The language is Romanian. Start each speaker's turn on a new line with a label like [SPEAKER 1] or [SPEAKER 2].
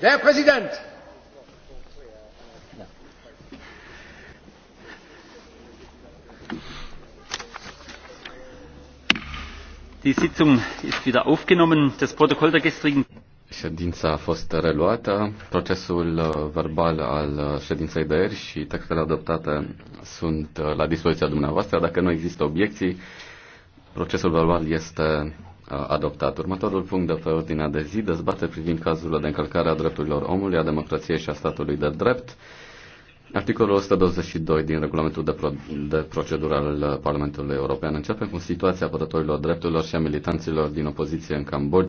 [SPEAKER 1] Der Präsident!
[SPEAKER 2] Die Sitzung ist wieder aufgenommen. Das Protokoll
[SPEAKER 3] der gestrigen Ședința a fost reluată, procesul uh, verbal al uh, ședinței de ieri și textele adoptate sunt uh, la dispoziția dumneavoastră. Dacă nu există obiecții, procesul verbal este adoptat. Următorul punct de pe ordinea de zi dezbate privind cazurile de încălcare a drepturilor omului, a democrației și a statului de drept. Articolul 122 din regulamentul de, pro- de procedură al Parlamentului European începe cu situația apărătorilor drepturilor și a militanților din opoziție în Cambodgia.